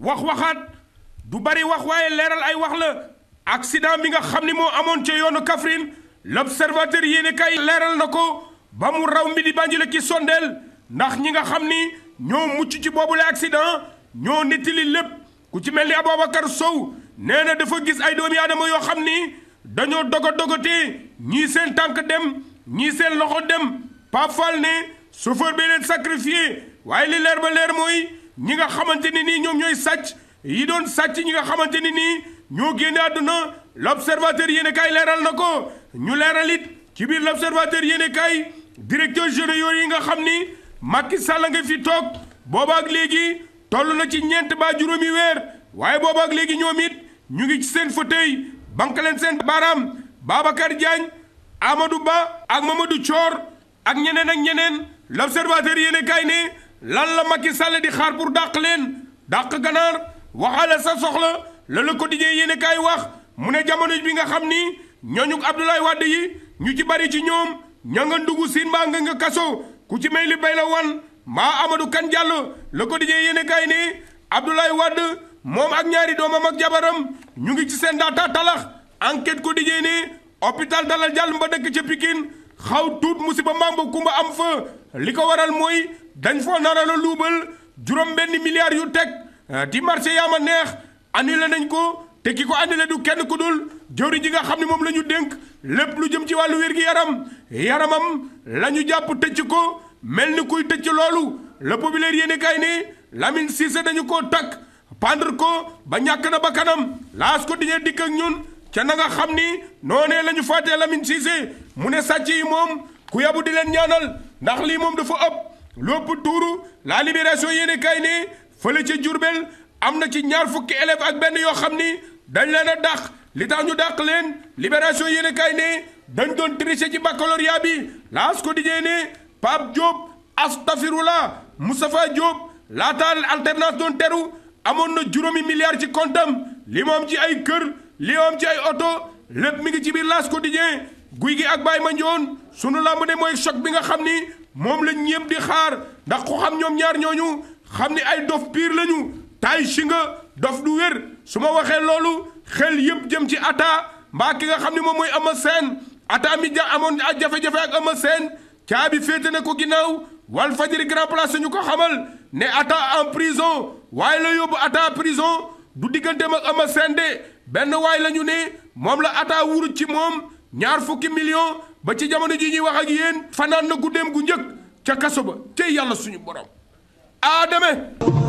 wax waxaat du bari wax waaye leeral ay wax la accident bi nga xam ni moo amoon ca yoonu Kaffrine l'observateur yéene kay leeral na ko ba mu raw mi di Banjul ki sondeel ndax ñi nga xam ni ñoo mucc ci boobule accident ñoo nettali lépp ku ci mel ni Aboubacar Sow nee na dafa gis ay doomi aadama yoo xam ni dañoo dogo dogotee ñii seen tànk dem ñii seen loxo dem Pape Fall ne chauffeur bi leen sacrifié waaye li leer ba leer mooy ñi nga xamante ni nii ñoom ñooy sàcc yi doon sàcc ñi nga xamante ni nii ñoo génne àdduna l'observateur yéen kaay leeral na ko ñu leeral it ci biir l'observateur yéen kaay directeur généraux yi nga xam ni Macky Sall nga fi toog booba ak léegi toll na ci ñeent baa juróomi weer waaye ak léegi ñoom it ñu ngi ci seen fauteuil banque leen seen baaraam Babacar Diagne Amadou Ba ak Mamadou coor ak ñeneen ak ñeneen l'observateur yéen kaay ne lan la Macky Sall di xaar pour dàq leen dàq ganaar waxaale sa soxla la la ko Quotidien yéen kaay wax mu ne jamono bi nga xam ni ñooñu Abdoulaye Wade yi ñu ci bari ci ñoom ña nga ndugg siin nga kaso ku ci may li bay la wan mbaa Amadou Kane Diallo Le Quotidien yéen kaay ne Abdoulaye Wade moom ak ñaari doomam ak jabaram ñu ngi ci seen daata talax enquête Quotidien ne hôpital Dalal Jàmm ba dëkk ca Pikine xaw tuut musiba mambo kumba am fa li ko waral mooy dañ foo naral a luubal juróom benn milliards yu teg di euh, marché yaa ma neex annulé nañ ko te ki ko annulé du kenn ku dul jëwriñ ji nga xam ne moom la ñu dénk lépp lu jëm ci wàllu wér gi yaram yaramam la ñu jàpp tëcc ko mel ni kuy tëcc loolu le populaire yéene kaay ne Lamine Cissé dañu ko takk pendre ko ba ñàkk na ba kanam laas ko diñee dikk ak ñun ca na xam ni noonee la ñu fàttee Lamine Cissé mu ne sàcc yi moom ku yabu di leen ñaanal ndax lii moom dafa ëpp lopp tuuru la libération yéene kaay ne fële ca Jurbel am na ci ñaar fukki élève ak benn yoo xam ni dañ leen a dàq li tax ñu dàq leen libération yéene kaay ne dañ doon tricher ci baccalauréat bi laas ko dijee ne Pape Diop astafirullah Moustapha Diop laataal alternance doon teru amoon na juróomi milliards ci kontam li ci ay kër li moom ci ay oto lépp mi ngi ci biir laas quotidien guy gi ak Baye Mandione sunu lamb ne mooy choc bi nga xam ni moom lañ ñéem di xaar ndax ko xam ñoom ñaar ñooñu xam ni ay dof piir lañu taay si nga dof du wér su ma waxee loolu xel yépp jëm ci ata mbaa ki nga xam ne moom mooy Eumeu Sène ata mi ja amoon a jafe-jafe ak Eumeu Sène caabi féete na ko ginnaaw Walf Fadjri grand place ñu ko xamal ne ata en prison waaye la yóbbu ata prison du digganteem ak Eumeu Sène de benn waay la ñu ne moom la ata wuru ci moom ñaar fukki million ba ci jamono ji ñuy wax ak yéen fanaan na guddeem gu njëkk ca kaso ba tey yàlla suñu borom aadame